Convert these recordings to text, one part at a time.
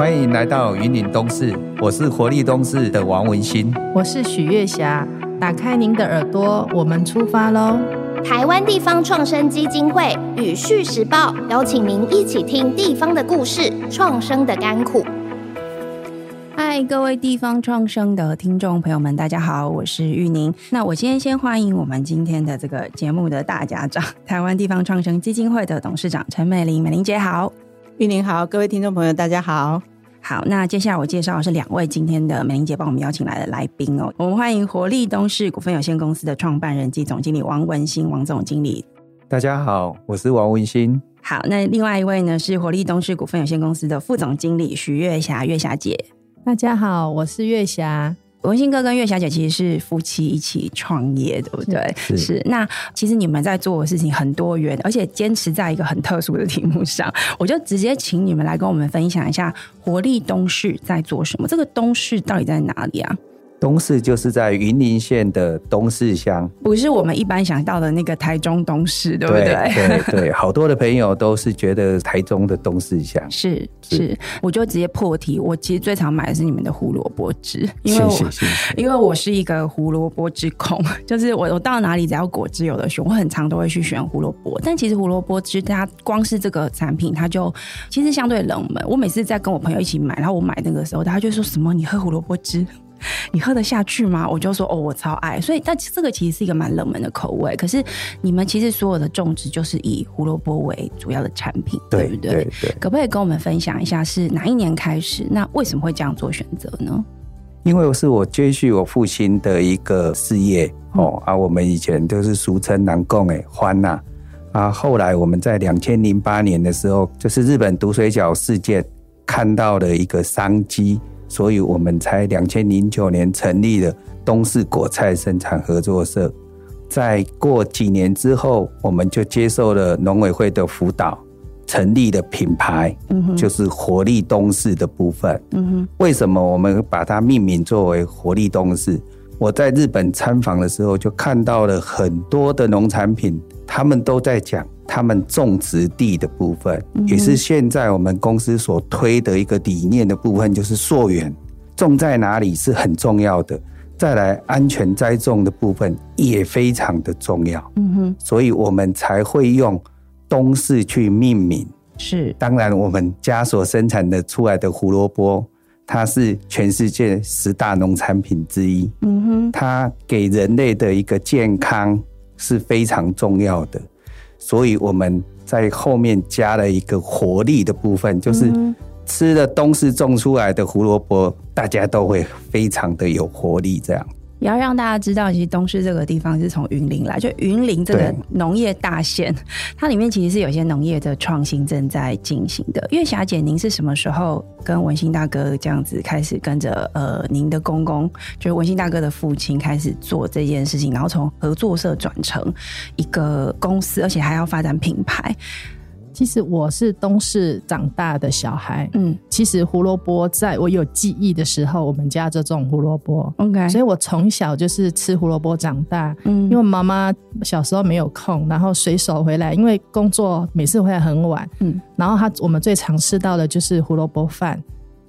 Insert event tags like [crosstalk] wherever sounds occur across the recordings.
歡迎來到雲林東勢，我是活力東勢的王文星，我是許月霞。打開您的耳朵，我們出發嘍！台灣地方創生基金會與《旭時報》邀請您一起聽地方的故事，創生的甘苦。嗨，各位地方創生的聽眾朋友們，大家好，我是玉寧。那我今天先歡迎我們今天的這個節目的大家長，台灣地方創生基金會的董事長陳美伶，美伶姐好，玉寧好，各位聽眾朋友大家好。好，那接下來我介紹的是兩位今天的美伶姐幫我們邀請來的來賓哦。我們歡迎活力東勢股份有限公司的創辦人及總經理王文星，王總經理。大家好，我是王文星。好，那另外一位呢是活力東勢股份有限公司的副總經理許月霞，月霞姐。大家好，我是月霞。文星哥跟月小姐其實是夫妻一起創業，對不對？是,是,是。那其實你們在做的事情很多元，而且堅持在一個很特殊的題目上，我就直接請你們來跟我們分享一下活力東勢在做什麼。這個東勢到底在哪裡啊？東勢就是在雲林縣的東勢鄉，不是我們一般想到的那個台中東勢，對不對？對對，對，好多的朋友都是覺得台中的東勢鄉是是。是是，我就直接破題，我其實最常買的是你們的胡蘿蔔汁，因為我是是是是因為我是一個胡蘿蔔汁控，就是我我到哪裡只要果汁有的時候，我很常都會去選胡蘿蔔。但其實胡蘿蔔汁，它光是這個產品，它就其實相對冷門。我每次在跟我朋友一起買，然後我買那個時候，大家就說什麼，你喝胡蘿蔔汁。你喝得下去嗎？我就說哦，我超愛。所以，但這個其實是一個蠻冷門的口味。可是，你們其實所有的種植就是以胡蘿蔔為主要的產品，對，對不對？對對，可不可以跟我們分享一下是哪一年開始？那為什麼會這樣做選擇呢？因為是我接續我父親的一個事業哦。而、嗯啊、我們以前都是俗稱南貢哎歡吶。啊，後來我們在2008年的時候，就是日本毒水餃事件看到的一個商機。所以我們才兩千零九年成立了東勢果菜生產合作社。再過幾年之後，我們就接受了農委會的輔導，成立的品牌、嗯、哼就是活力東勢的部分。嗯哼為什麼我們把它命名作為活力東勢，我在日本參訪的時候，就看到了很多的農產品。他們都在講他們種植地的部分，嗯、哼也是現在我們公司所推的一個理念的部分，就是溯源，種在哪裡是很重要的。再來，安全栽種的部分也非常的重要。嗯哼，所以我們才會用東勢去命名。是，當然我們家所生產的出來的胡蘿蔔，它是全世界十大農產品之一。嗯哼，它給人類的一個健康。嗯是非常重要的，所以我們在後面加了一個活力的部分，就是吃了東勢種出來的胡蘿蔔，大家都會非常的有活力，這樣。也要讓大家知道，其實東勢這個地方是從雲林來，就雲林這個農業大縣，對它裡面其實是有些農業的創新正在進行的。月霞姐，您是什麼時候跟文星大哥這樣子開始跟着呃您的公公，就是文星大哥的父親開始做這件事情，然後從合作社轉成一個公司，而且還要發展品牌？其實我是東勢長大的小孩，嗯，其實胡蘿蔔在我有記憶的時候，我們家就種胡蘿蔔，OK，所以我從小就是吃胡蘿蔔長大，嗯，因為媽媽小時候沒有空，然後隨手回來，因為工作每次回來很晚，嗯，然後他我們最常吃到的就是胡蘿蔔飯，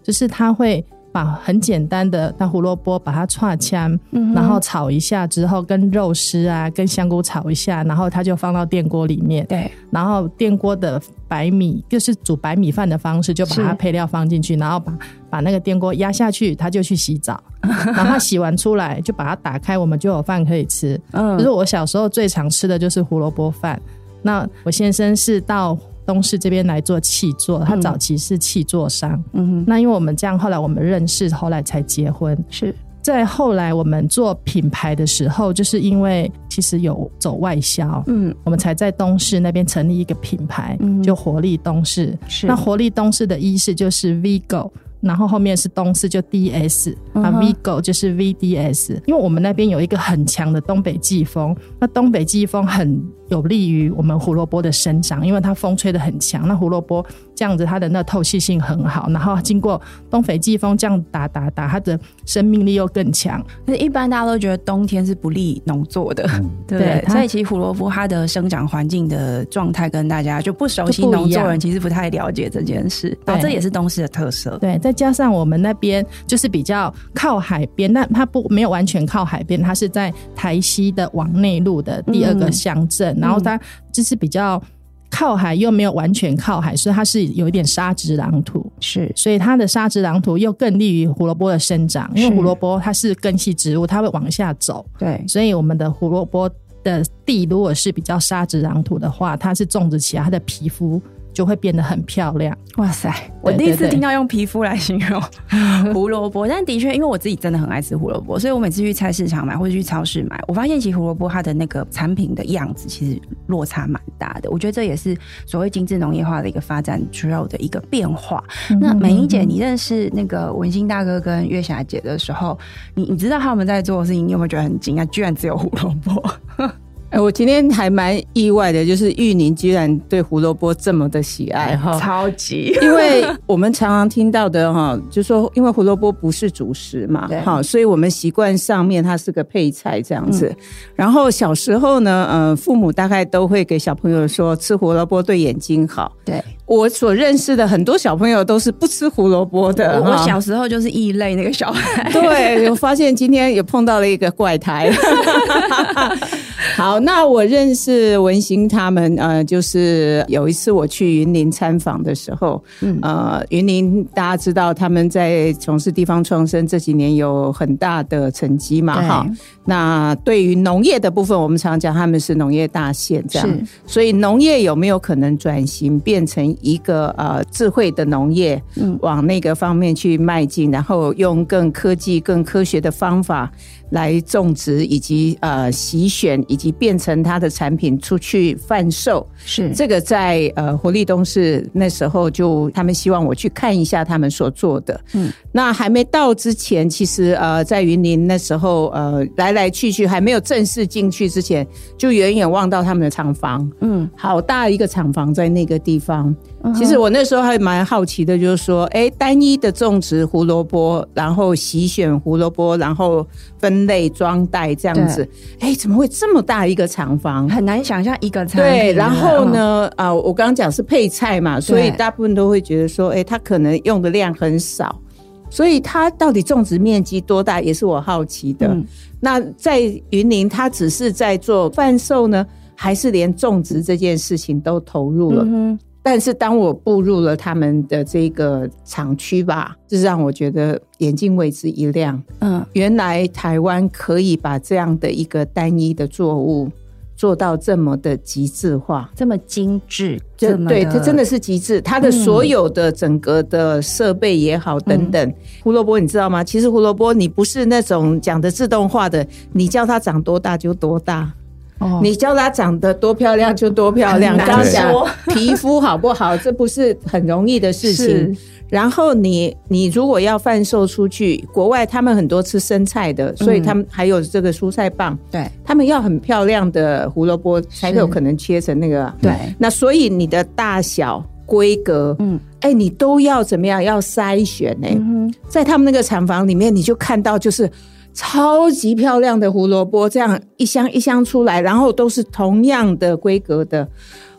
就是他會。把很簡單的那胡蘿蔔，把它串香，嗯、哼然後炒一下之後，跟肉絲啊，跟香菇炒一下，然後它就放到電鍋裡面。對，然後電鍋的白米就是煮白米飯的方式，就把它配料放進去，是然後把把那個電鍋壓下去，它就去洗澡。 [laughs] 然後洗完出來，就把它打開，我們就有飯可以吃。就、嗯、是我小時候最常吃的就是胡蘿蔔飯。那我先生是到。東勢這邊來做汽座，他早期是汽座商。嗯哼，那因為我們這樣，後來我們認識，後來才結婚。是，在後來我們做品牌的時候，就是因為其實有走外銷，嗯哼，我們才在東勢那邊成立一個品牌，嗯、哼就活力東勢。是，那活力東勢的意思就是 VIGO，然後後面是東勢就 DS 啊，VIGO 就是 VDS，、嗯、哼因為我們那邊有一個很強的東北季風，那東北季風很。有利於我們胡蘿蔔的生長，因為它風吹得很強。那胡蘿蔔這樣子，它的那透氣性很好。嗯、然後經過東北季風這樣打打打，它的生命力又更強。那一般大家都覺得冬天是不利農作的，嗯、對。它所以其實胡蘿蔔它的生長環境的狀態，跟大家，就不熟悉農作人其實不太了解這件事。對，這也是東西的特色對。對，再加上我們那邊就是比較靠海邊，那它不沒有完全靠海邊，它是在台西的往內陸的第二個鄉鎮。嗯嗯然後它就是比較靠海，又沒有完全靠海，嗯、所以它是有一點沙質壤土。是，所以它的沙質壤土又更利於胡蘿蔔的生長，是因為胡蘿蔔它是根系植物，它會往下走。對，所以我們的胡蘿蔔的地如果是比較沙質壤土的話，它是種植起來它的皮膚。就會變得很漂亮。哇塞！對對對，我第一次聽到用皮膚來形容胡蘿蔔， [laughs] 但的確，因為我自己真的很愛吃胡蘿蔔，所以我每次去菜市場買或者去超市買，我發現其實胡蘿蔔它的那個產品的樣子其實落差蠻大的。我覺得這也是所謂精致農業化的一個發展主要的一個變化。嗯嗯，那美伶姐，你認識那個文星大哥跟月霞姐的時候，你你知道他們在做的事情，你有沒有覺得很驚訝？居然只有胡蘿蔔？ [laughs] 哎，我今天還蠻意外的，就是玉寧居然對胡蘿蔔這麼的喜愛哈！哎、喲超級，因為我們常常聽到的哈，就是、說因為胡蘿蔔不是主食嘛，對所以我們習慣上面它是個配菜這樣子。嗯、然後小時候呢、嗯，父母大概都會給小朋友說吃胡蘿蔔對眼睛好。對，我所認識的很多小朋友都是不吃胡蘿蔔的我。我小時候就是異類那個小孩。對，我發現今天也碰到了一個怪胎。 [laughs] 好，那我認識文星他們，呃，就是有一次我去雲林參訪的時候，嗯、呃，雲林大家知道他們在從事地方創生這幾年有很大的成績嘛，哈對。那對於農業的部分，我們常常講他們是農業大縣，這樣，是所以農業有沒有可能轉型變成一個呃智慧的農業，嗯、往那個方面去邁進，然後用更科技、更科學的方法。來種植以及呃洗選以及變成他的產品出去販售。是這個在呃活力東勢那時候就他們希望我去看一下他們所做的。嗯，那還沒到之前，其實呃在雲林那時候呃來來去去還沒有正式進去之前，就遠遠望到他們的廠房，嗯，好大一個廠房在那個地方。嗯，其實我那時候還蠻好奇的，就是說，哎，單一的種植胡蘿蔔，然後洗選胡蘿蔔，然後分裝袋這樣子，哎對、欸，怎麼會這麼大一個廠房？很難想象一個廠房。對，然後呢？哦、啊，我剛剛講是配菜嘛，所以大部分都會覺得說，哎、欸，它可能用的量很少，所以它到底種植面積多大也是我好奇的。嗯、那在雲林，它只是在做販售呢，還是連種植這件事情都投入了？嗯但是當我步入了他們的這個廠區吧，就讓我覺得眼睛為之一亮。嗯，原來台灣可以把這樣的一個單一的作物做到這麼的極致化，這麼精緻，這，這麼的，對，它真的是極致。它的所有的整個的設備也好，嗯、等等，胡蘿蔔你知道嗎？其實胡蘿蔔你不是那種講的自動化的，你叫它長多大就多大。你教她長得多漂亮就多漂亮，剛才說皮膚好不好， [laughs] 這不是很容易的事情。是然後你你如果要販售出去，國外他們很多吃生菜的，所以他們還有這個蔬菜棒，對、嗯、他們要很漂亮的胡蘿蔔，才可有可能切成那個、啊、對。那所以你的大小規格，嗯，哎、欸，你都要怎麼樣要篩選呢、欸？嗯、哼在他們那個廠房裡面，你就看到就是。超級漂亮的胡蘿蔔，這樣一箱一箱出來，然後都是同樣的規格的。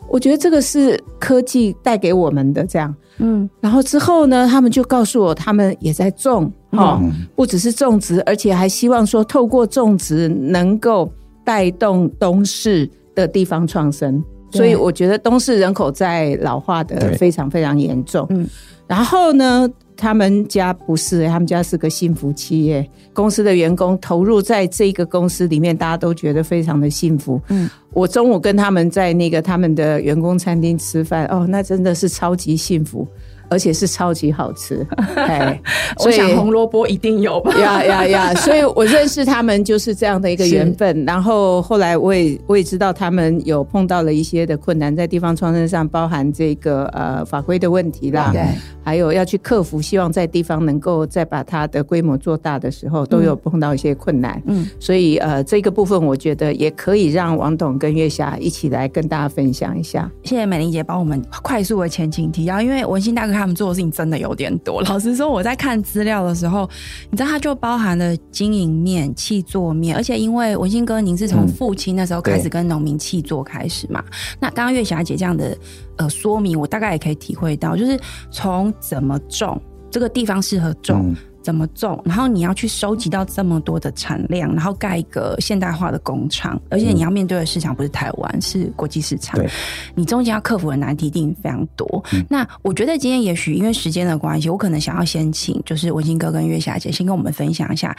我覺得這個是科技帶給我們的這樣。嗯，然後之後呢，他們就告訴我，他們也在種，哈、喔，嗯、不只是種植，而且還希望說透過種植能夠帶動東勢的地方創生。對所以我覺得東勢人口在老化的非常非常嚴重。嗯，然後呢？他們家不是，他們家是個幸福企業。公司的員工投入在這個公司裡面，大家都覺得非常的幸福。嗯，我中午跟他們在那個他們的員工餐廳吃飯，哦，那真的是超級幸福。而且是超級好吃，哎，我想紅蘿蔔一定有吧，呀呀呀！所以，我認識他們就是這樣的一個緣分。 [laughs] 是然後後來我也我也知道他們有碰到了一些的困難，在地方創生上包含這個呃法規的問題啦，對，對，對,還有要去克服。希望在地方能夠再把它的規模做大的時候，都有碰到一些困難。嗯，嗯所以呃這個部分我覺得也可以讓王董跟月霞一起來跟大家分享一下。謝謝美伶姐幫我們快速的前情提要，因為文星大哥。他們做的事情真的有點多。老實說，我在看資料的時候，你知道，它就包含了經營面、契作面，而且因為文星哥您是從父親那時候開始跟農民契作開始嘛，嗯、那剛剛月霞姐這樣的呃說明，我大概也可以體會到，就是從怎麼種，這個地方適合種。嗯怎麼種？然後你要去收集到這麼多的產量，然後蓋一個現代化的工廠，而且你要面對的市場不是台灣，是國際市場。嗯、你中間要克服的難題一定非常多。嗯、那我覺得今天也許因為時間的關係，我可能想要先請就是文星哥跟月霞姐先跟我們分享一下，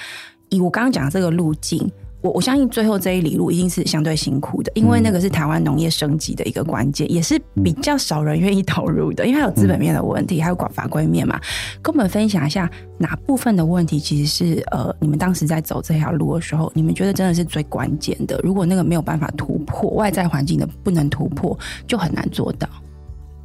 以我剛剛講的這個路徑。我我相信最後這一里路一定是相對辛苦的，因為那個是台灣農業升級的一個關鍵，也是比較少人願意投入的，因為還有資本面的問題，還有管法規面嘛。跟我們分享一下哪部分的問題其實是呃，你們當時在走這條路的時候，你們覺得真的是最關鍵的。如果那個沒有辦法突破，外在環境的不能突破，就很難做到。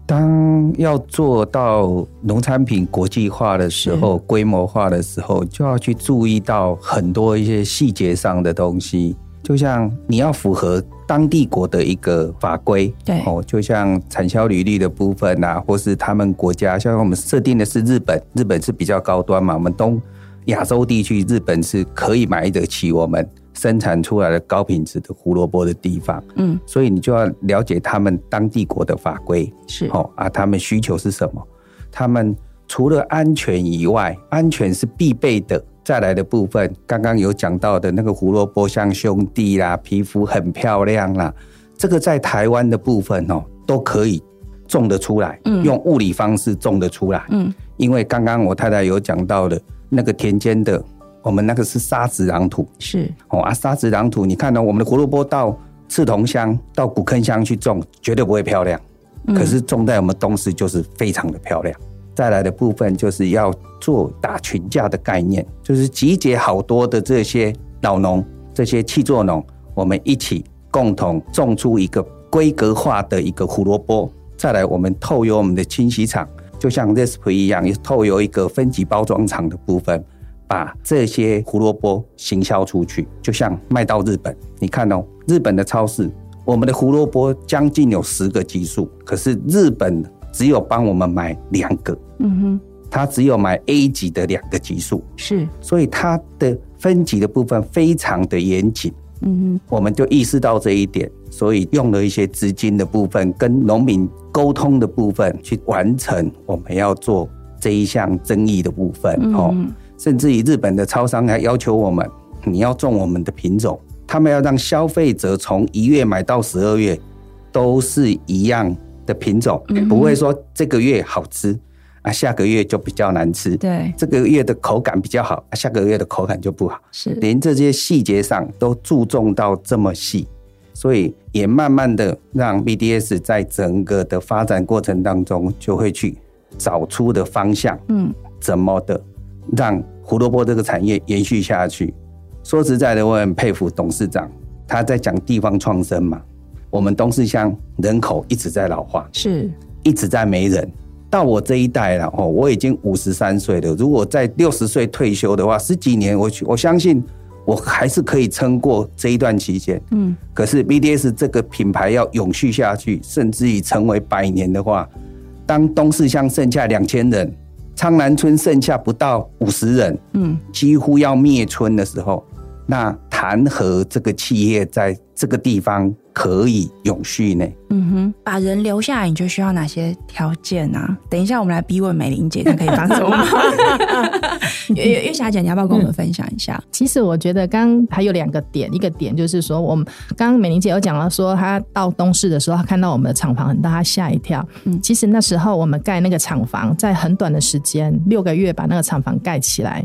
當要做到農產品國際化的時候，規模化的時候，就要去注意到很多一些細節上的東西。就像你要符合當地國的一個法規，對哦，就像產銷履歷的部分啊，或是他們國家，像我們設定的是日本，日本是比較高端嘛，我們東亞洲地區，日本是可以買得起我們。生產出來的高品質的胡蘿蔔的地方，嗯，所以你就要了解他們當地國的法規，是哦，啊，他們需求是什麼？他們除了安全以外，安全是必備的。再來的部分，剛剛有講到的那個胡蘿蔔像兄弟啦，皮膚很漂亮啦，這個在台灣的部分哦，都可以種得出來，嗯，用物理方式種得出來，嗯，因為剛剛我太太有講到的那個田間的。我們那個是沙質壤土，是哦，啊，沙質壤土，你看呢、哦、我們的胡蘿蔔到莿桐鄉、到古坑鄉去種，絕對不會漂亮。嗯、可是種在我們東勢，就是非常的漂亮。再來的部分就是要做打群架的概念，就是集結好多的這些老農、這些契作農，我們一起共同種出一個規格化的一個胡蘿蔔。再來，我們透由我們的清洗廠，就像 RESP 一樣，也是透由一個分級包裝廠的部分。把這些胡蘿蔔行銷出去，就像賣到日本。你看哦，日本的超市，我們的胡蘿蔔將近有十個級數，可是日本只有幫我們買兩個。嗯哼，他只有買 A 級的兩個級數，是。所以它的分級的部分非常的嚴謹。嗯哼，我們就意識到這一點，所以用了一些資金的部分，跟農民溝通的部分，去完成我們要做這一項爭議的部分哦。嗯甚至於日本的超商還要求我們，你要種我們的品種，他們要讓消費者從一月買到十二月都是一樣的品種，嗯、哼不會說這個月好吃啊，下個月就比較難吃。對，這個月的口感比較好啊，下個月的口感就不好。是，連這些細節上都注重到這麼細，所以也慢慢的讓 VDS 在整個的發展過程當中，就會去找出的方向，嗯，怎麼的。讓胡蘿蔔這個產業延續下去。說實在的，我很佩服董事長，他在講地方創生嘛。我們東勢鄉人口一直在老化，是，一直在沒人。到我這一代了哦，我已經五十三歲了。如果在六十歲退休的話，十幾年我，我我相信我還是可以撐過這一段期間。嗯。可是 VDS 這個品牌要永續下去，甚至於成為百年的話，當東勢鄉剩下兩千人，蒼南村剩下不到五十人，嗯，幾乎要滅村的時候。那談何這個企業在這個地方可以永續呢？嗯哼，把人留下來，你就需要哪些條件呢？啊？等一下，我們來逼問美伶姐， [laughs] 她可以幫助麼？月霞姐，你要不要跟我們分享一下？嗯、其實我覺得，剛剛還有兩個點，一個點就是說，我們剛剛美伶姐有講到，說她到東勢的時候，她看到我們的廠房很大，她嚇一跳。嗯，其實那時候我們蓋那個廠房，在很短的時間，六個月把那個廠房蓋起來。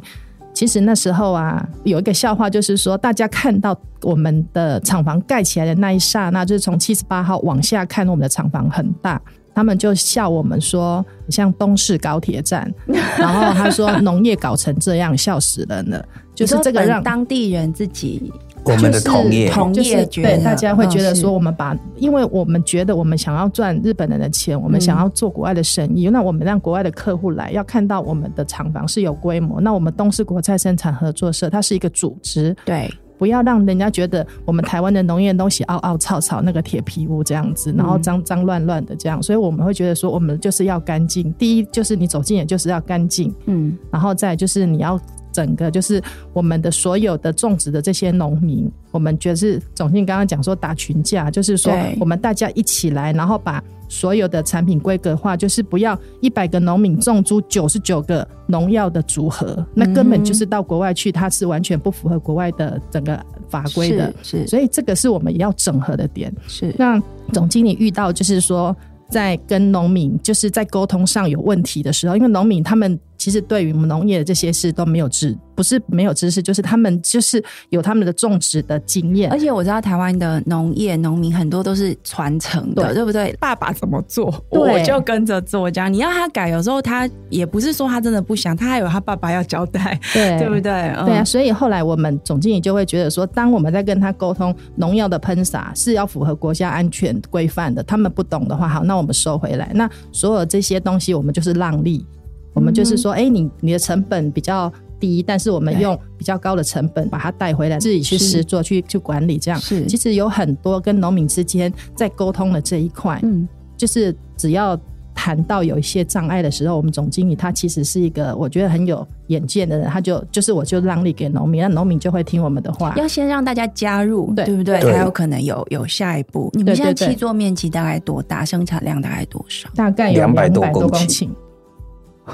其實那時候啊，有一個笑話，就是說大家看到我們的廠房蓋起來的那一剎那，就是從七十八號往下看，我們的廠房很大，他們就笑我們說像東勢高鐵站，然後他說農業搞成這樣，， [laughs] 笑死人了，就是這個讓當地人自己。我們的同業、就是就是，對，大家會覺得說，我們把，哦、因為我們覺得我們想要賺日本人的錢，我們想要做國外的生意，嗯、那我們讓國外的客戶來，要看到我們的廠房是有規模，那我們東勢國菜生產合作社，它是一個組織，對，不要讓人家覺得我們台灣的農業的東西凹凹糙糙，那個鐵皮屋這樣子，然後髒髒亂亂的這樣，所以我們會覺得說，我們就是要乾淨，第一就是你走進也就是要乾淨，嗯，然後再就是你要。整個就是我們的所有的種植的這些農民，我們覺得是總經理剛剛講說打群架，就是說對我們大家一起來，然後把所有的產品規格化，就是不要一百個農民種出九十九個農藥的組合，嗯，那根本就是到國外去，它是完全不符合國外的整個法規的。是，是，所以這個是我們也要整合的點。是，那總經理遇到就是說在跟農民就是在溝通上有問題的時候，因為農民他們。其實對於我們農業的這些事都沒有知，不是沒有知識，就是他們就是有他們的種植的經驗。而且我知道台灣的農業農民很多都是傳承的，對，對不對？爸爸怎麼做，對我就跟着做。這樣你要他改，有時候他也不是說他真的不想，他還有他爸爸要交代，對，對不對？嗯、對啊，所以後來我們總經理就會覺得說，當我們在跟他溝通農藥的噴灑是要符合國家安全規範的，他們不懂的話，好，那我們收回來。那所有這些東西，我們就是讓利。我們就是說，哎、欸，你你的成本比較低，但是我們用比較高的成本把它帶回來，對自己去試做，去是去管理。這樣是其實有很多跟農民之間在溝通的這一塊，嗯，就是只要談到有一些障礙的時候，我們總經理他其實是一個我覺得很有遠見的人，他就就是我就讓利給農民，那農民就會聽我們的話。要先讓大家加入，對，對不對？才有可能有有下一步。對對對對，你們現在契作面積大概多大？生產量大概多少？大概有兩百多公頃。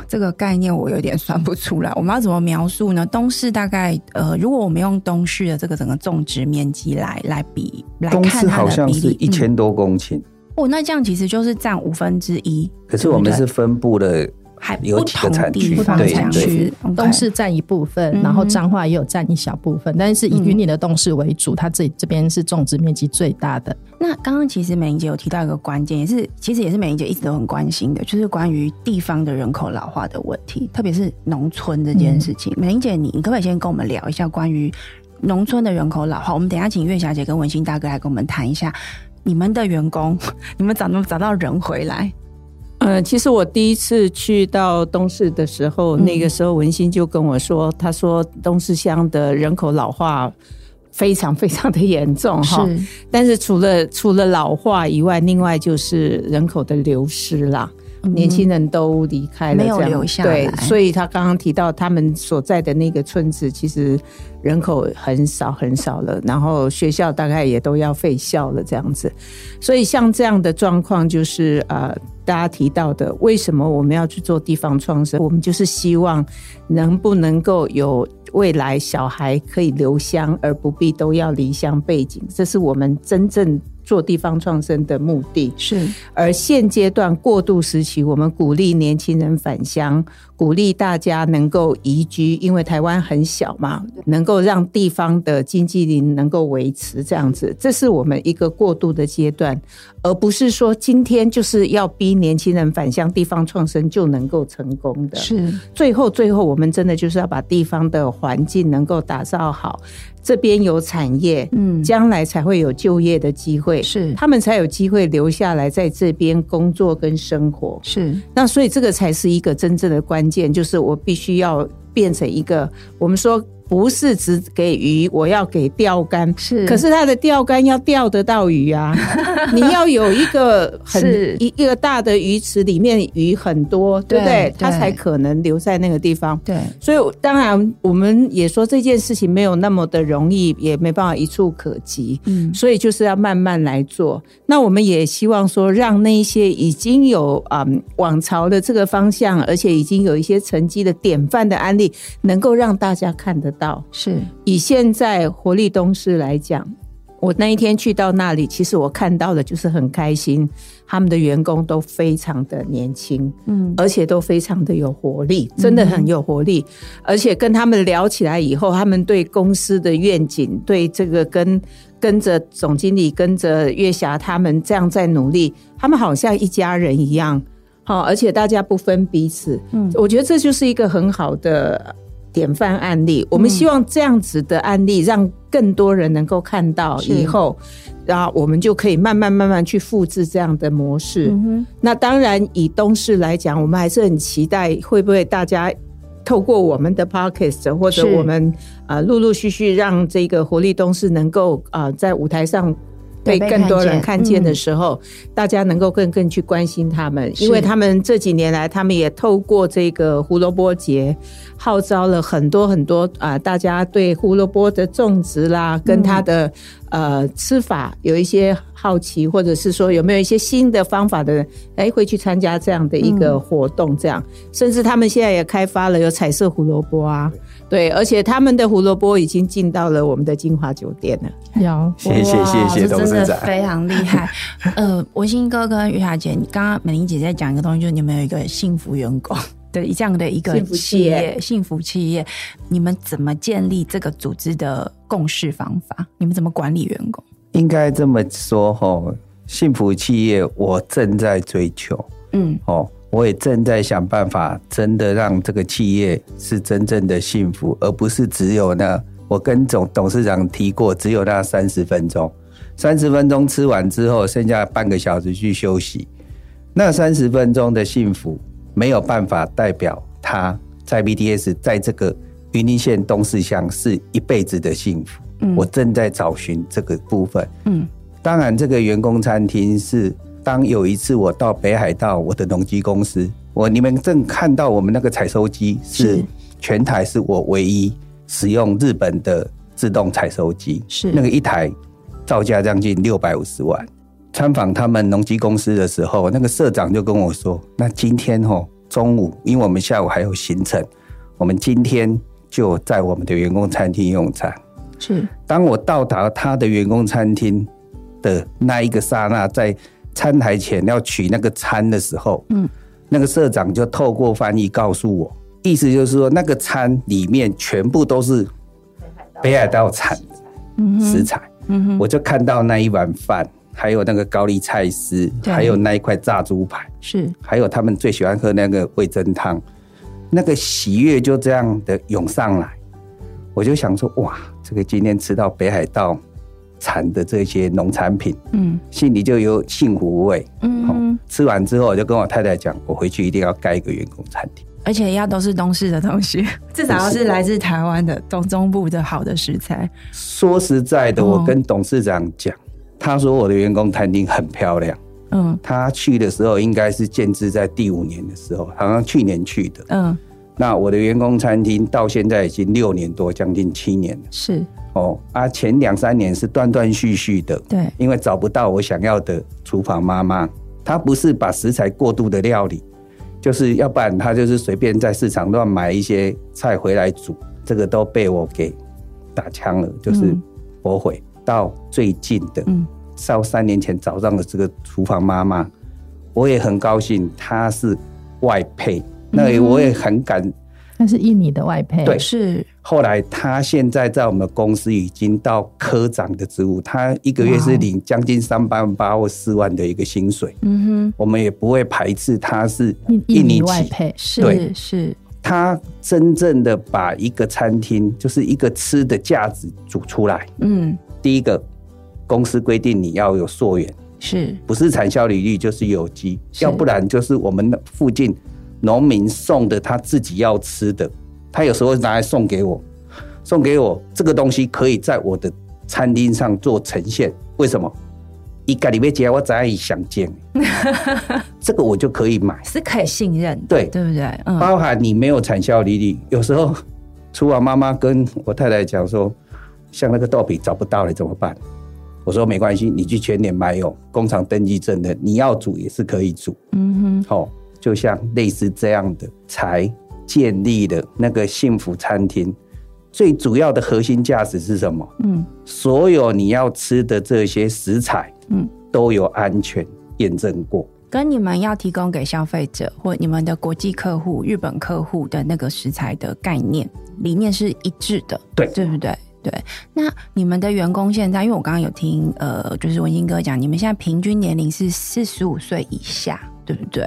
這個概念我有點算不出來，我們要怎麼描述呢？東勢大概呃，如果我們用東勢的這個整個種植面積來來比來看，它的比例好像是一千多公頃、嗯、哦，那這樣其實就是佔五分之一。可是我們是分布的。還不同地方，不同產區，都是占一部分，然後彰化也有占一小部分，mm hmm. 但是以雲林的東勢為主，它這這邊是種植面積最大的。那剛剛其實美伶姐有提到一個關鍵，也是其實也是美伶姐一直都很關心的，就是關於地方的人口老化的問題，特別是農村這件事情。Mm hmm. 美伶姐，你可不可以先跟我們聊一下關於農村的人口老化？我們等下請月霞姐跟文星大哥來跟我們談一下，你們的員工你們找能找到人回來？嗯、呃，其實我第一次去到東勢的時候，嗯、那個時候文星就跟我說，他說東勢鄉的人口老化非常非常的嚴重哈。是，但是除了除了老化以外，另外就是人口的流失啦，嗯、年輕人都離開了這，沒有留下來。對，所以他剛剛提到他們所在的那個村子，其實人口很少很少了，然後學校大概也都要廢校了這樣子。所以像這樣的狀況，就是呃……大家提到的，為什麼我們要去做地方創生？我們就是希望能不能夠有未來小孩可以留鄉，而不必都要離鄉背井，這是我們真正做地方創生的目的是。而現階段過渡時期，我們鼓勵年輕人返鄉，鼓勵大家能夠移居，因為台灣很小嘛，能夠讓地方的經濟力能夠維持這樣子，這是我們一個過渡的階段，而不是說今天就是要逼年輕人返鄉，地方創生就能夠成功的。是，最後最後，我們真的就是要把地方的環境能夠打造好。這邊有產業，嗯，將來才會有就業的機會，是。他們才有機會留下來在這邊工作跟生活。是。那所以這個才是一個真正的關鍵，就是我必須要變成一個，我們說。不是只給魚，我要給釣竿。是，可是它的釣竿要釣得到魚啊！ [laughs] 你要有一個很是一個大的魚池，裡面魚很多，對，對不對？對，它才可能留在那個地方。對，所以當然我們也說這件事情沒有那麼的容易，也沒辦法一蹴可及。嗯，所以就是要慢慢來做。那我們也希望說，讓那一些已經有啊、嗯、往朝的這個方向，而且已經有一些成績的典範的案例，嗯、能夠讓大家看得到。到是以現在活力東勢來講，我那一天去到那裡，其實我看到的就是很開心，他們的員工都非常的年輕，嗯，而且都非常的有活力，真的很有活力。嗯、而且跟他們聊起來以後，他們對公司的願景，對這個跟跟着總經理、跟着月霞他們這樣在努力，他們好像一家人一樣。好、哦，而且大家不分彼此，嗯，我覺得這就是一個很好的。典範案例，我們希望這樣子的案例讓更多人能夠看到以後，是然後我們就可以慢慢慢慢去複製這樣的模式。嗯、哼那當然，以東勢來講，我們還是很期待會不會大家透過我們的 podcast 或者我們啊是、呃、陸陸續續讓這個活力東勢能夠啊、呃、在舞台上。被更多人看見的時候，嗯、大家能夠更更去關心他們，是因為他們這幾年來，他們也透過這個胡蘿蔔節，號召了很多很多啊、呃，大家對胡蘿蔔的種植啦，跟它的、嗯、呃吃法有一些好奇，或者是說有沒有一些新的方法的人，人、欸、哎，會去參加這樣的一個活動，這樣，嗯、甚至他們現在也開發了有彩色胡蘿蔔啊。對，而且他們的胡蘿蔔已經進到了我們的金華酒店了。有，謝謝謝謝哇真的非常厲害。 [laughs] 呃，文星哥跟月霞姐，你剛剛美伶姐在講一個東西，就是你們有一個幸福員工，對這樣的一個企業，幸福企業，幸福企業，你們怎麼建立這個組織的共識方法？你們怎麼管理員工？應該這麼說哈、哦，幸福企業我正在追求。嗯，哦。我也正在想辦法，真的讓這個企業是真正的幸福，而不是只有那。我跟總董事長提過，只有那三十分鐘，三十分鐘吃完之後，剩下半個小時去休息。那三十分鐘的幸福沒有辦法代表他在 VDS，在這個雲林縣東勢鄉是一輩子的幸福。嗯，我正在找尋這個部分。嗯，當然，這個員工餐廳是。當有一次我到北海道，我的農機公司，我你們正看到我們那個採收機是全台是我唯一使用日本的自動採收機，是那個一台造價將近六百五十萬。參訪他們農機公司的時候，那個社長就跟我說：“那今天吼、喔，中午，因為我們下午還有行程，我們今天就在我們的員工餐廳用餐。是，”是當我到達他的員工餐廳的那一個剎那，在餐檯前要取那個餐的時候，嗯，那個社長就透過翻譯告訴我，意思就是說那個餐裡面全部都是北海道產食材。嗯哼，我就看到那一碗飯，還有那個高麗菜絲，對還有那一塊炸豬排，是，還有他們最喜歡喝那個味噌湯，那個喜悅就這樣的湧上來，我就想說，哇，這個今天吃到北海道。產的這些農產品，嗯，心裡就有幸福味，嗯，吃完之後我就跟我太太講，我回去一定要蓋一個員工餐廳，而且要都是東勢的東西，至少要是來自台灣的、就是、東中部的好的食材。說實在的，我跟董事長講，哦、他說我的員工餐廳很漂亮，嗯，他去的時候應該是建置在第五年的時候，好像去年去的，嗯。那我的員工餐廳到現在已經六年多，將近七年了。是哦，啊，前兩三年是斷斷續續的。對，因為找不到我想要的廚房媽媽，她不是把食材過度的料理，就是要不然她就是隨便在市場亂買一些菜回來煮，這個都被我給打槍了，就是駁回。到最近的，嗯，上三年前找上的這個廚房媽媽，我也很高興，她是外配。那也我也很感，那是印尼的外配，對，是。後來他現在在我們公司已經到科長的職務，他一個月是領將近三萬八或四萬的一個薪水。嗯哼，我們也不會排斥他是印尼外配，對，是。他真正的把一個餐廳就是一個吃的價值煮出來。嗯，第一個公司規定你要有溯源，是不是產銷履歷，就是有機，要不然就是我們的附近。農民送的他自己要吃的，他有時候拿來送給我，送給我這個東西可以在我的餐廳上做呈現。為什麼一個李梅姐我只要想見， [laughs] 這個我就可以買，是可以信任，對，對不對？包含你沒有產銷履歷。有時候廚房媽媽跟我太太講說，像那個豆皮找不到了怎麼辦？我說沒關係，你去全聯買有工廠登記證的，你要煮也是可以煮。嗯哼，好。就像類似這樣的才建立的那個幸福餐廳，最主要的核心價值是什麼？嗯，所有你要吃的這些食材，嗯，都有安全驗證過，跟你們要提供給消費者或你們的國際客戶、日本客戶的那個食材的概念理念是一致的，對，對不對？對。那你們的員工現在，因為我剛剛有聽呃、就是文星哥講，你們現在平均年齡是四十五歲以下。對不對？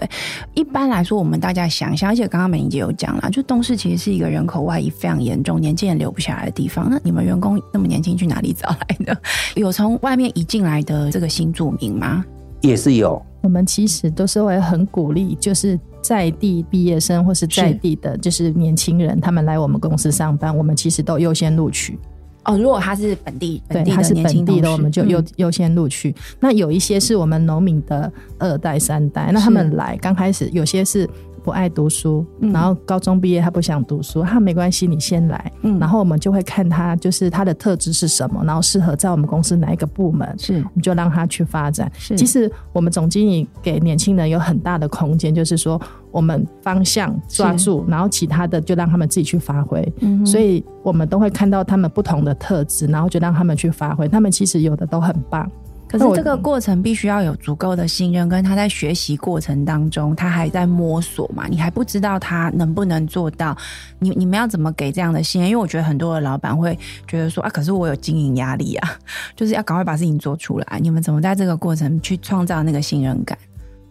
一般來說，我們大家想一下，而且剛剛美伶姐有講了，就東勢其實是一個人口外移非常嚴重、年輕人留不下來的地方。那你們員工那麼年輕，去哪裡找來的？有從外面移進來的這個新住民嗎？也是有。我們其實都是會很鼓勵，就是在地畢業生或是在地的，就是年輕人，他們來我們公司上班，我們其實都優先錄取。哦，如果他是本地，本地，對，他是本地的，我們就優優先錄取。嗯、那有一些是我們農民的二代，代、三代、嗯，那他們來剛是開始有些是。不愛讀書，然後高中畢業他不想讀書，嗯、他沒關係，你先來。嗯、然後我們就會看他，就是他的特質是什麼，然後適合在我們公司哪一個部門，是我們就讓他去發展。其實是我們總經理給年輕人有很大的空間，就是說我們方向抓住，是然後其他的就讓他們自己去發揮。嗯、哼所以我們都會看到他們不同的特質，然後就讓他們去發揮。他們其實有的都很棒。可是這個過程必須要有足夠的信任，跟他在學習過程當中，他還在摸索嘛，你還不知道他能不能做到，你你們要怎麼給這樣的信任？因為我覺得很多的老板會覺得說啊，可是我有經營壓力啊，就是要趕快把事情做出來。你們怎麼在這個過程去創造那個信任感？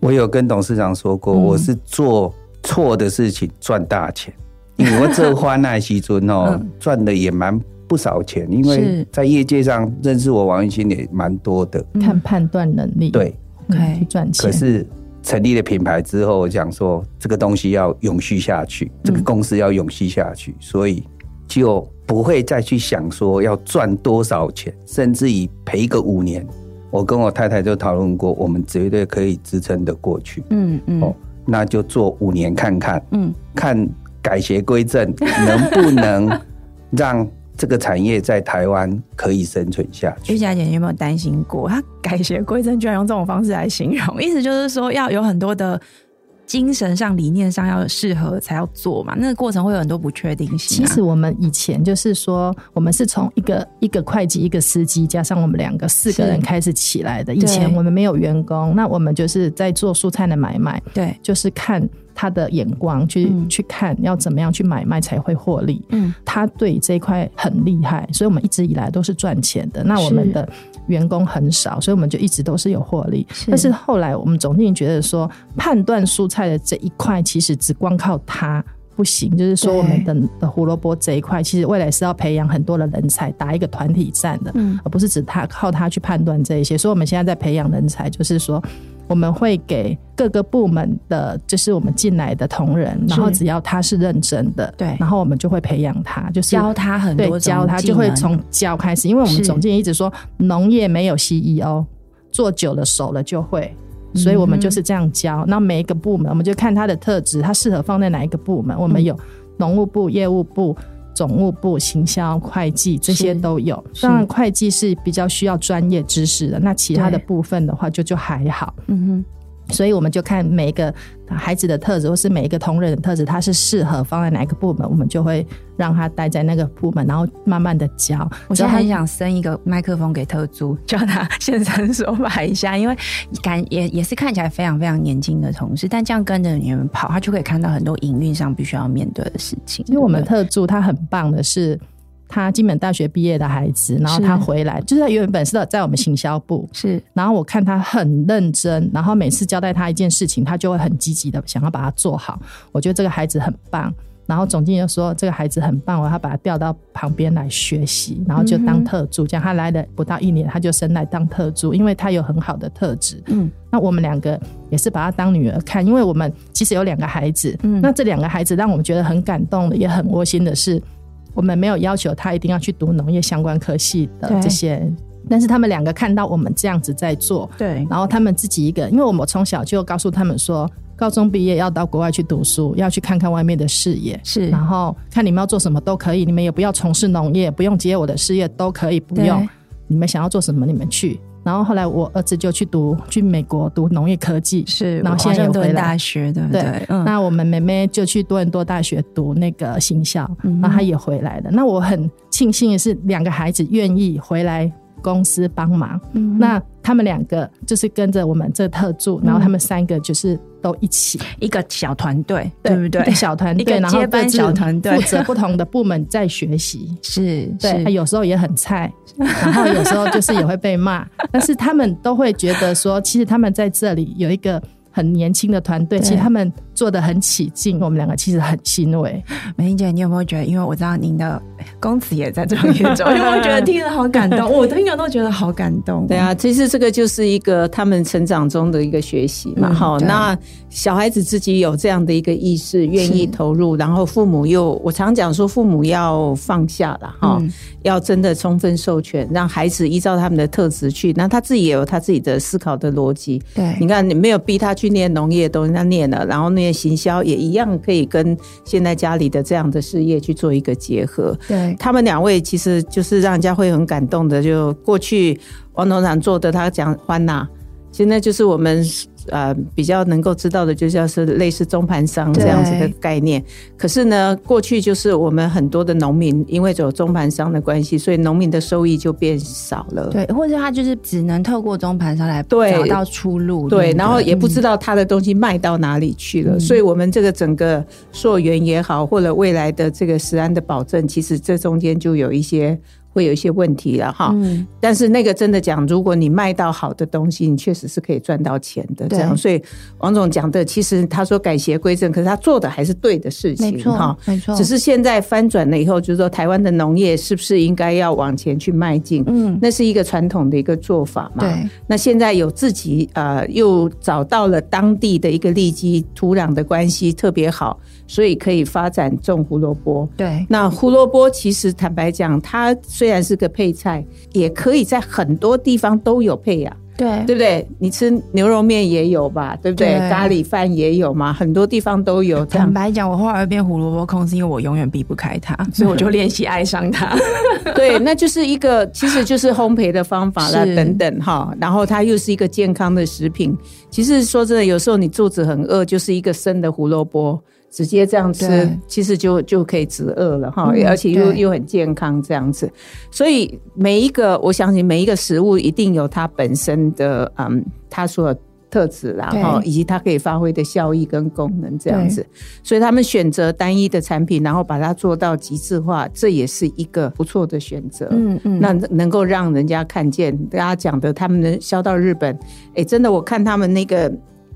我有跟董事長說過，我是做錯的事情賺大錢，嗯、我這花耐心賺哦，賺、 [laughs] 嗯、的也蠻。不少錢，因為在業界上認識我王文星也蠻多的。嗯、對看判斷能力。對，OK，賺錢。可是成立了品牌之後，我想說這個東西要永續下去，這個公司要永續下去，嗯、所以就不會再去想說要賺多少錢，甚至於賠個五年。我跟我太太就討論過，我們絕對可以支撐得過去。嗯嗯、喔，那就做五年看看。嗯，看改邪歸正能不能讓。 [laughs] 這個產業在台灣可以生存下去。月霞姐，姐你有沒有擔心過？她改邪歸正，居然用這種方式來形容，意思就是說要有很多的。精神上、理念上要適合才要做嘛，那個過程會有很多不確定性。其實我們以前就是說，我們是從一個一個會計、一個司機，加上我們兩個四個人開始起來的。是以前我們沒有員工，對那我們就是在做蔬菜的買賣，對，就是看他的眼光去，嗯、去看要怎麼樣去買賣才會獲利。嗯，他對這一塊很厲害，所以我們一直以來都是賺錢的。那我們的。的員工很少，所以我們就一直都是有獲利。是但是後來我們總經理覺得說，判斷蔬菜的這一塊其實只光靠他不行，就是說我們的，對的胡蘿蔔這一塊，其實未來是要培養很多的人才，打一個團體戰的，而不是只他靠他去判斷這一些。所以我們現在在培養人才，就是說。我們會給各個部門的，就是我們進來的同仁，然後只要他是認真的，對，然後我們就會培養他，就是教他很多，教他就會從教開始，因為我們總經理一直說，是農業沒有 CEO，做久了熟了就會，所以我們就是這樣教。那、嗯、哼每一個部門，我們就看他的特質，他適合放在哪一個部門。我們有農務部、嗯、業務部。總務部、行銷、會計這些都有，當然會計是比較需要專業知識的，那其他的部分的話就對就還好。嗯哼。所以我們就看每一個孩子的特質，或是每一個同仁的特質，他是適合放在哪一個部門，我們就會讓他待在那個部門，然後慢慢的教。我就很想伸一個麥克風給特助，叫他現身說法一下，因為感也也是看起來非常非常年輕的同事，但這樣跟着你們跑，他就可以看到很多營運上必須要面對的事情。因為我們特助他很棒的是。他基本大學畢業的孩子，然後他回來，是就是他原本是在我們行銷部。是，然後我看他很認真，然後每次交代他一件事情，他就會很積極的想要把它做好。我覺得這個孩子很棒。然後總經理就說這個孩子很棒，我要把他調到旁邊來學習，然後就當特助。嗯、哼這樣他來了不到一年，他就升來當特助，因為他有很好的特質。嗯，那我們兩個也是把他當女兒看，因為我們其實有兩個孩子。嗯，那這兩個孩子讓我們覺得很感動的，也很窩心的是。我們沒有要求他一定要去讀農業相關科系的這些，對但是他們兩個看到我們這樣子在做，對，然後他們自己一個，因為我們從小就告訴他們說，高中畢業要到國外去讀書，要去看看外面的視野，是，然後看你們要做什麼都可以，你們也不要從事農業，不用接我的事業都可以，不用，對你們想要做什麼，你們去。然後後來我兒子就去讀去美國讀農業科技，是華盛頓大學對不對？對嗯、那我們妹妹就去多倫多大學讀那個新校，嗯、哼然後她也回來了。那我很慶幸的是，兩個孩子願意回來公司幫忙。嗯、哼那他們兩個就是跟着我們這特助，嗯、哼然後他們三個就是。都一起一個小團隊，對，對不對？小團隊，一個，然後小團隊負責不同的部門，在學習。 [laughs] 是，對是他有時候也很菜，然後有時候就是也會被罵， [laughs] 但是他們都會覺得說，其實他們在這裡有一個。很年輕的團隊，對其實他們做的很起勁，我們兩個其實很欣慰。美伶姐，你有沒有覺得？因為我知道您的公子也在這個月中，我 [laughs] 有沒有覺得聽着好感動？ [laughs] 我聽着都覺得好感動。對啊，其實這個就是一個他們成長中的一個學習嘛。好，嗯，那小孩子自己有這樣的一個意識，願意投入，是然後父母又我常講說，父母要放下了哈，嗯、要真的充分授權，讓孩子依照他們的特質去。那他自己也有他自己的思考的邏輯。對。你看，你沒有逼他去。去念農業，都人家念了，然後那些行銷也一樣，可以跟現在家裡的這樣的事業去做一個結合。對，他們兩位其實就是讓人家會很感動的，就過去王董事長做的他，他講歡娜現在就是我們。呃，比較能夠知道的，就像是類似中盤商這樣子的概念。對可是呢，過去就是我們很多的農民，因為走中盤商的關係，所以農民的收益就變少了。對，或者他就是只能透過中盤商來找到出路。對，對，對，對，然後也不知道他的東西賣到哪裡去了。嗯、所以，我們這個整個溯源也好，或者未來的這個食安的保證，其實這中間就有一些。會有一些問題了哈，嗯、但是那個真的講，如果你賣到好的東西，你確實是可以賺到錢的。這樣，對所以王總講的，其實他說改邪歸正，可是他做的還是對的事情，哈錯，沒錯。只是現在翻轉了以後，就是說台灣的農業是不是應該要往前去邁進？嗯，那是一個傳統的一個做法嘛。對。那現在有自己呃，又找到了當地的一個利基土壤的關係特別好，所以可以發展種胡蘿蔔。對。那胡蘿蔔其實坦白講，它。雖然是個配菜，也可以在很多地方都有配呀、啊，對對不對？你吃牛肉麵也有吧，對不對？對，咖喱飯也有嘛，很多地方都有。坦白講，我後來會變胡蘿蔔控，是因為我永遠避不開它， [laughs] 所以我就練習愛上它。 [laughs] 對，那就是一個，其實就是烘焙的方法啦，是等等哈。然後它又是一個健康的食品。其實說真的，有時候你肚子很餓，就是一個生的胡蘿蔔。直接這樣吃，對其實就就可以止餓了哈，嗯、而且又對又很健康這樣子。所以每一個，我相信每一個食物一定有它本身的嗯，它所有特質，啦，哈對，以及它可以發揮的效益跟功能這樣子。對所以他們選擇單一的產品，然後把它做到極緻化，這也是一個不錯的選擇，嗯。嗯嗯，那能夠讓人家看見，大家講的他們能銷到日本，哎、欸，真的我看他們那個。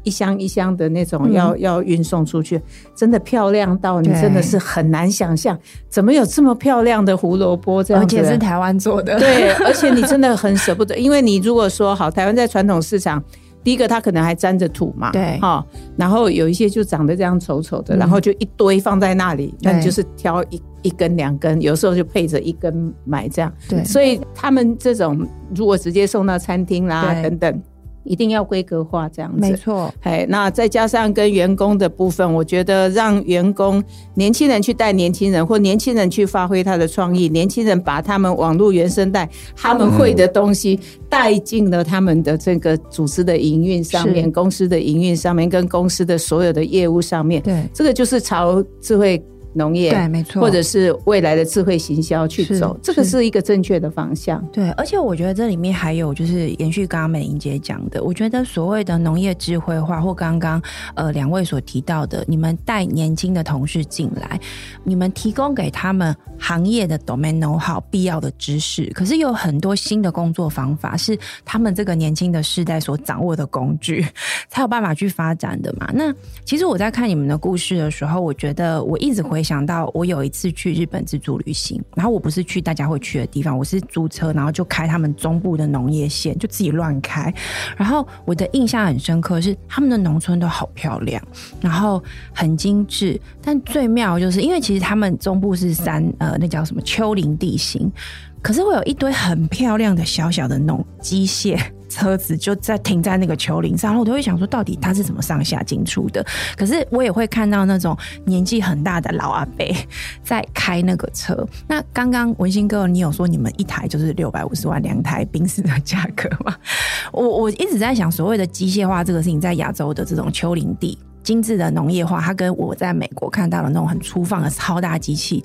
一箱一箱的那種要、嗯、要運送出去，真的漂亮到你真的是很難想象，對怎麼有這麼漂亮的胡蘿蔔？這樣，而且是台灣做的。對，而且你真的很捨不得， [laughs] 因為你如果說好，台灣在傳統市場，第一個它可能還沾着土嘛，對，哈、哦，然後有一些就長得這樣醜丑的，然後就一堆放在那裡，嗯、那你就是挑一一根兩根，有時候就配着一根買這樣。對，所以他們這種如果直接送到餐廳啦對等等。一定要規格化這樣子，沒錯錯。Hey，那再加上跟員工的部分，我覺得讓員工年輕人去帶年輕人，或年輕人去發揮他的創意，年輕人把他們網絡原生代他們會的東西帶進了他們的這個組織的營運上面，是公司的營運上面，跟公司的所有的業務上面，對，這個就是朝智慧、農業對，沒錯，或者是未來的智慧行銷去走，是這個是一個正確的方向。對，而且我覺得這裡面還有就是延續剛剛美伶姐講的，我覺得所謂的農業智慧化，或剛剛呃兩位所提到的，你們帶年輕的同事進來，你們提供給他們行業的 domain know-how 必要的知識，可是有很多新的工作方法是他們這個年輕的世代所掌握的工具才有辦法去發展的嘛？那其實我在看你們的故事的時候，我覺得我一直回想到我有一次去日本自助旅行，然後我不是去大家會去的地方，我是租車，然後就開他們中部的農業線，就自己亂開。然後我的印象很深刻是，他們的農村都好漂亮，然後很精緻。但最妙就是因為其實他們中部是山，呃，那叫什麼丘陵地形，可是會有一堆很漂亮的小小的農機械。車子就在停在那個丘陵上，然後我都會想說，到底他是怎麼上下進出的？可是我也會看到那種年紀很大的老阿伯在開那個車。那剛剛文星哥，你有說你們一台就是六百五十萬，兩台賓士的價格嗎？我我一直在想，所謂的機械化這個事情，在亞洲的這種丘陵地，精緻的農業化，它跟我在美國看到的那種很粗放的超大機器。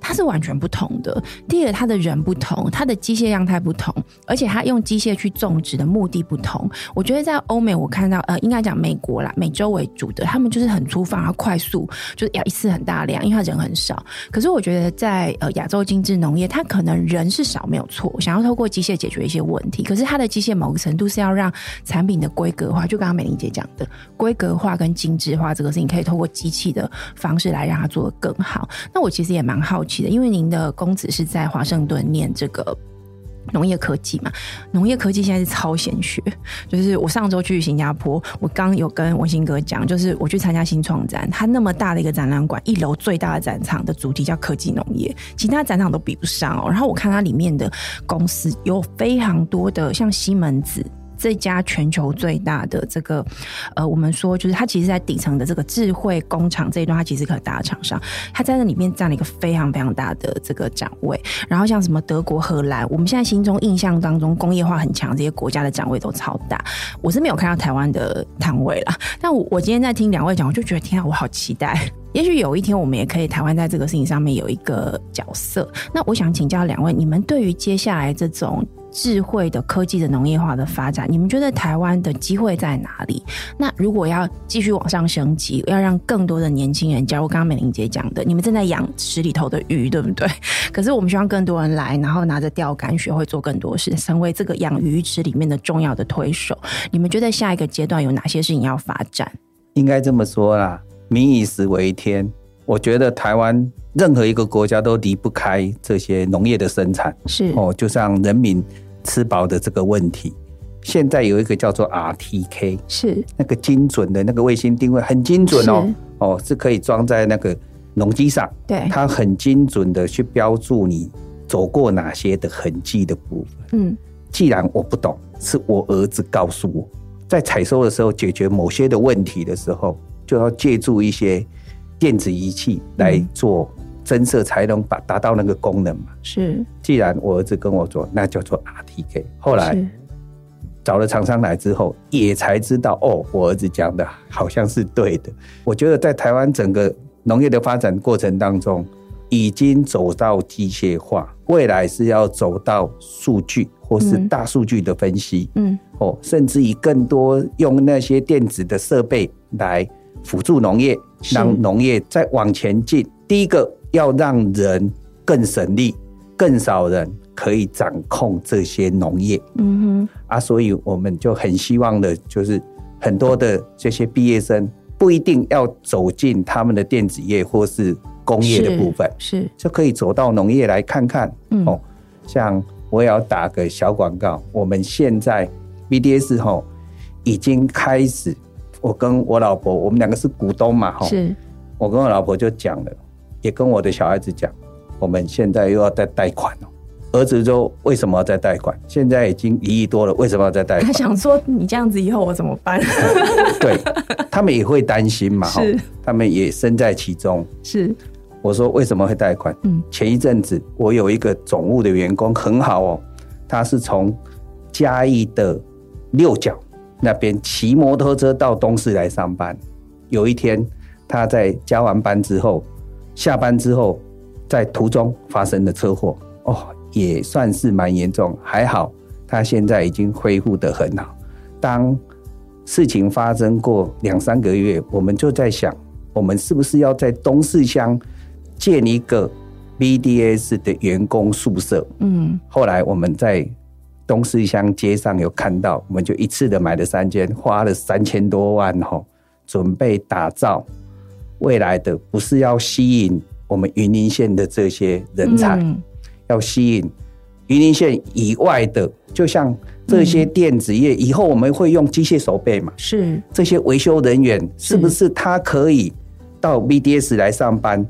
它是完全不同的。第二，它的人不同，它的機械樣態不同，而且它用機械去種植的目的不同。我覺得在歐美，我看到呃，應該講美國啦，美洲為主的，他們就是很粗放，然後快速，就是要一次很大量，因為他人很少。可是我覺得在呃亞洲精致農業，它可能人是少沒有錯，想要透過機械解決一些問題。可是它的機械某個程度是要讓產品的規格化，就剛剛美玲姐講的，規格化跟精致化這個事情，你可以透過機器的方式來讓它做得更好。那我其實也蠻好奇。因為您的公子是在華盛頓念這個農業科技嘛？農業科技現在是超顯學，就是我上周去新加坡，我剛有跟文星哥講，就是我去參加新創展，他那麼大的一個展覽館，一樓最大的展場的主題叫科技農業，其他展場都比不上哦。然後我看它裡面的公司有非常多的，像西門子。這家全球最大的這個，呃，我們說就是它其實，在底層的這個智慧工廠這一段，它其實可大廠商，它在那裡面占了一個非常非常大的這個展位。然後像什麼德國、荷蘭，我們現在心中印象當中工業化很強這些國家的展位都超大，我是沒有看到台灣的攤位啦。但我我今天在聽兩位講，我就覺得，天啊，我好期待。也許有一天，我們也可以台灣在這個事情上面有一個角色。那我想請教兩位，你們對於接下來這種？智慧的科技的農業化的發展，你們覺得台灣的機會在哪裡？那如果要繼續往上升級，要讓更多的年輕人加入，剛剛美伶姐講的，你們正在養池裡頭的魚，對不對？可是我們希望更多人來，然後拿着釣竿，學會做更多事，成為這個養魚池裡面的重要的推手。你們覺得下一個階段有哪些事情要發展？應該這麼說啦，民以食為天。我覺得台灣任何一個國家都離不開這些農業的生產，是哦，就像人民吃飽的這個問題。現在有一個叫做 RTK，是那個精準的那個衛星定位，很精準哦，是，哦，是可以裝在那個農機上，對，它很精準的去標注你走過哪些的痕跡的部分。嗯，既然我不懂，是我兒子告訴我，在採收的時候解決某些的問題的時候，就要借助一些。電子儀器來做增色，才能把達到那個功能嘛？是。既然我兒子跟我說，那叫做 RTK。後來找了廠商來之後，也才知道，哦，我兒子講的好像是對的。我覺得在台灣整個農業的發展過程當中，已經走到機械化，未來是要走到數據或是大數據的分析。嗯。哦、嗯，甚至於更多用那些電子的設備來。輔助農業，讓農業再往前進。是第一個要讓人更省力，更少人可以掌控這些農業。嗯哼。啊，所以我們就很希望的就是，很多的這些畢業生不一定要走進他們的電子業或是工業的部分，是，是就可以走到農業來看看。嗯、哦，像我也要打個小廣告，我們現在 VDS 哈、哦、已經開始。我跟我老婆，我們兩個是股東嘛，哈。是。我跟我老婆就講了，也跟我的小孩子講，我們現在又要再貸款了，喔。兒子說：“為什麼要再貸款？現在已經一億多了，為什麼要再貸款？”他想說：“你這樣子以後我怎麼辦？” [laughs] 對，他們也會擔心嘛，哈。是。他們也身在其中。是。我說為什麼會貸款？嗯。前一陣子我有一個總務的員工很好哦，喔，他是從嘉義的六腳，那邊騎摩托車到東勢來上班，有一天他在加完班之後，下班之後在途中發生了車禍，哦，也算是蠻嚴重，還好他現在已經恢復得很好。當事情發生過兩三個月，我們就在想，我們是不是要在東勢鄉建一個 VDS 的員工宿舍？嗯，後來我們在。東勢鄉街上有看到，我們就一次的買了三間，花了三千多萬哈、喔，準備打造未來的，不是要吸引我們雲林縣的這些人才，嗯、要吸引雲林縣以外的，就像這些電子業，嗯、以後我們會用機械手臂嘛，是這些維修人員，是不是他可以到 VDS 來上班，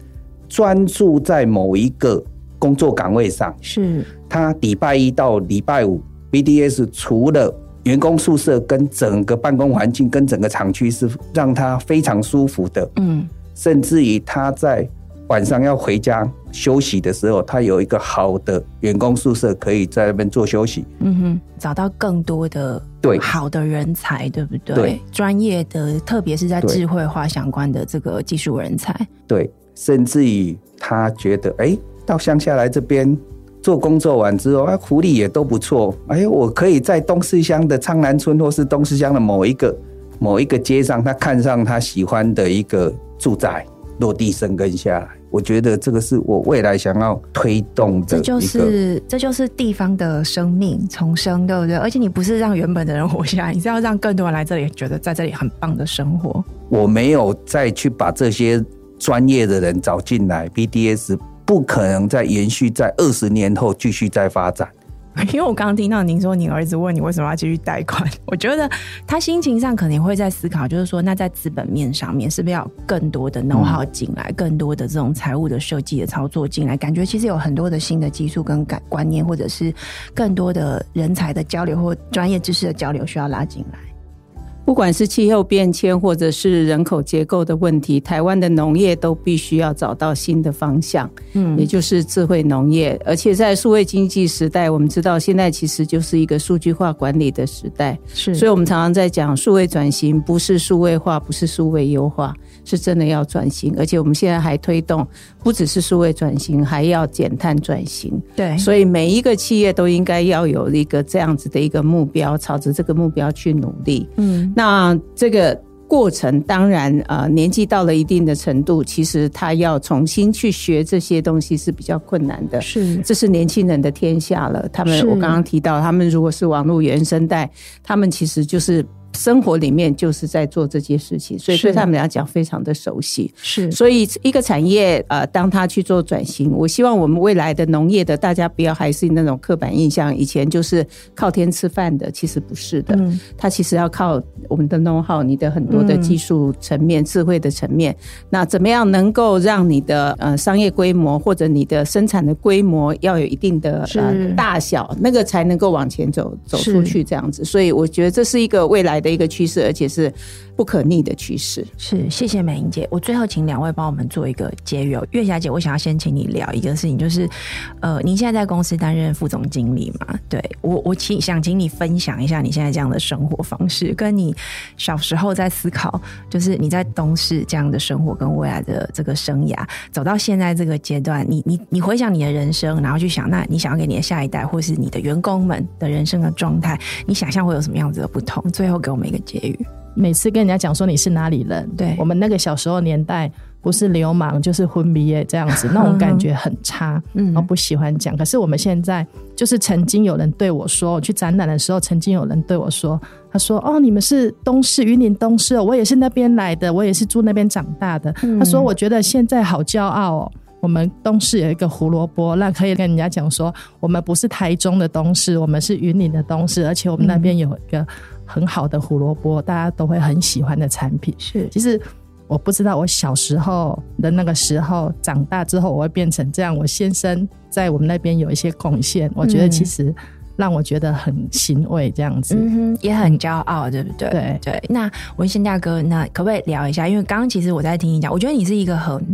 專是注在某一個工作崗位上？是，他禮拜一到禮拜五。VDS 除了員工宿舍跟整個辦公環境跟整個廠區是讓他非常舒服的，嗯，甚至於他在晚上要回家休息的時候，他有一個好的員工宿舍可以在那邊做休息，嗯哼，找到更多的對好的人才，對不對？對專業的，特別是在智慧化相關的這個技術人才對，對，甚至於他覺得哎、欸，到鄉下來這邊。做工作完之後，哎、啊，福利也都不錯。哎，我可以在東勢鄉的昌南村，或是東勢鄉的某一個、某一個街上，他看上他喜歡的一個住宅，落地生根下來。我覺得這個是我未來想要推動的。這就是這就是地方的生命重生，對不對？而且你不是讓原本的人活下來，你是要讓更多人來這裡，覺得在這裡很棒的生活。我沒有再去把這些專業的人找進來，VDS。BTS 不可能再延續，在二十年後繼續再發展。因為我剛剛聽到您說，您兒子問你為什麼要繼續貸款，我覺得他心情上可能也會在思考，就是說，那在資本面上面是不是要更多的 know-how 進來，嗯、更多的這種財務的設計的操作進來，感覺其實有很多的新的技術跟感觀念，或者是更多的人才的交流或專業知識的交流需要拉進來。不管是氣候變遷或者是人口結構的問題，台灣的農業都必須要找到新的方向，嗯，也就是智慧農業。而且在數位經濟時代，我們知道現在其實就是一個數據化管理的時代，是。所以我們常常在講數位轉型，不是數位化，不是數位優化，是真的要轉型。而且我們現在還推動不只是數位轉型，還要減碳轉型，對。所以每一個企業都應該要有一個這樣子的一個目標，朝着這個目標去努力，嗯。那這個過程當然啊、呃，年紀到了一定的程度，其實他要重新去學這些東西是比較困難的。是，這是年輕人的天下了。他們，是我剛剛提到，他們如果是網絡原生代，他們其實就是。生活裡面就是在做這些事情，所以對他們來講非常的熟悉。是啊、是，所以一個產業呃，當他去做轉型，我希望我們未來的農業的大家不要還是那種刻板印象，以前就是靠天吃飯的，其實不是的。嗯、它其實要靠我們的 know how, 你的很多的技術層面、嗯、智慧的層面。那怎麼樣能夠讓你的呃商業規模或者你的生產的規模要有一定的呃是大小，那個才能夠往前走，走出去這樣子。是所以我覺得這是一個未來的一個趨勢，而且是不可逆的趨勢是，謝謝美伶姐。我最後請兩位幫我們做一個結語。月霞姐，我想要先請你聊一個事情，就是，呃，您現在在公司擔任副總經理嘛？對我，我請想請你分享一下你現在這樣的生活方式，跟你小時候在思考，就是你在東勢這樣的生活跟未來的這個生涯，走到現在這個階段，你你你回想你的人生，然後去想，那你想要給你的下一代，或是你的員工們的人生的狀態，你想象會有什麼樣子的不同？最後給我們一個結語。每次跟人家講說你是哪裡人，對我們那個小時候年代，不是流氓就是昏迷這樣子，那種感覺很差，我、嗯、不喜歡講。可是我們現在，就是曾經有人對我說，去展覽的時候，曾經有人對我說，他說：“哦，你們是東勢，雲林東勢哦。我也是那邊來的，我也是住那邊長大的。嗯”他說：“我覺得現在好驕傲哦，我們東勢有一個胡蘿蔔，那可以跟人家講說，我們不是台中的東勢，我們是雲林的東勢，而且我們那邊有一個。嗯”很好的胡蘿蔔，大家都會很喜歡的產品。是，其實我不知道我小時候的那個時候，長大之後我會變成這樣。我先生在我們那邊有一些貢獻，我覺得其實讓我覺得很欣慰，這樣子、嗯嗯、也很驕傲，對不對？對對。那文星大哥，那可不可以聊一下？因為剛剛其實我在聽你講，我覺得你是一個很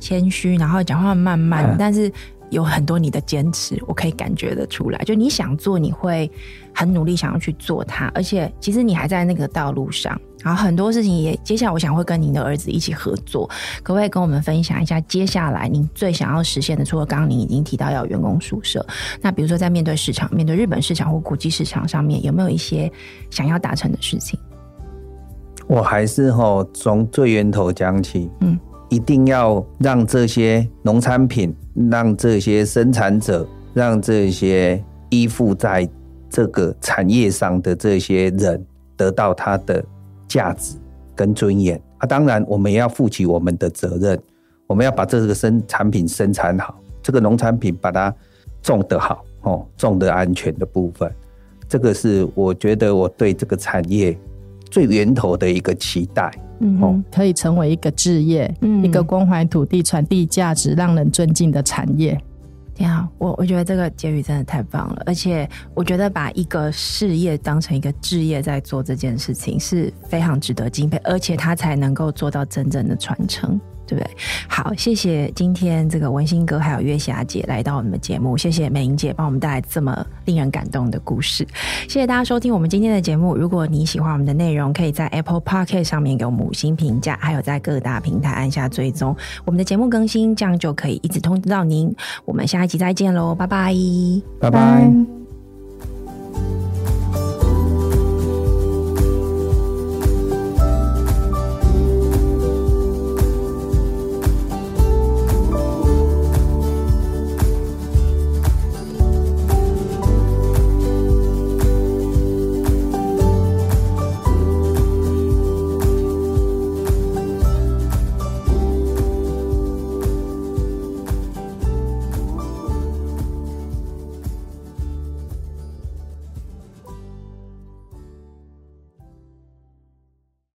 謙虛，然後講話慢慢，嗯、但是。有很多你的堅持，我可以感覺得出來。就你想做，你會很努力想要去做它，而且其實你還在那個道路上。然後很多事情也，接下來我想會跟您的兒子一起合作，可不可以跟我們分享一下接下來您最想要實現的？除了剛剛您已經提到要員工宿舍，那比如說在面對市場、面對日本市場或國際市場上面，有沒有一些想要達成的事情？我還是吼從最源頭講起，嗯。一定要讓這些農產品，讓這些生產者，讓這些依附在這個產業上的這些人得到他的價值跟尊嚴啊！當然，我們也要負起我們的責任，我們要把這個生產品生產好，這個農產品把它種得好哦，種得安全的部分，這個是我覺得我對這個產業最源頭的一個期待。 [noise] 哦、可以成為一個志業，嗯、一個關懷土地、傳遞價值、讓人尊敬的產業。挺好，嗯，我我覺得這個結語真的太棒了，而且我覺得把一個事業當成一個志業在做這件事情是非常值得敬佩，而且他才能夠做到真正的傳承。對不對？好，謝謝今天這個文星哥還有月霞姐來到我們的節目，謝謝美伶姐幫我們帶來這麼令人感動的故事，謝謝大家收聽我們今天的節目。如果你喜歡我們的內容，可以在 Apple Podcast 上面給我們五星評價，還有在各大平台按下追蹤我們的節目更新，這樣就可以一直通知到您。我們下一集再見嘍，拜拜，拜拜。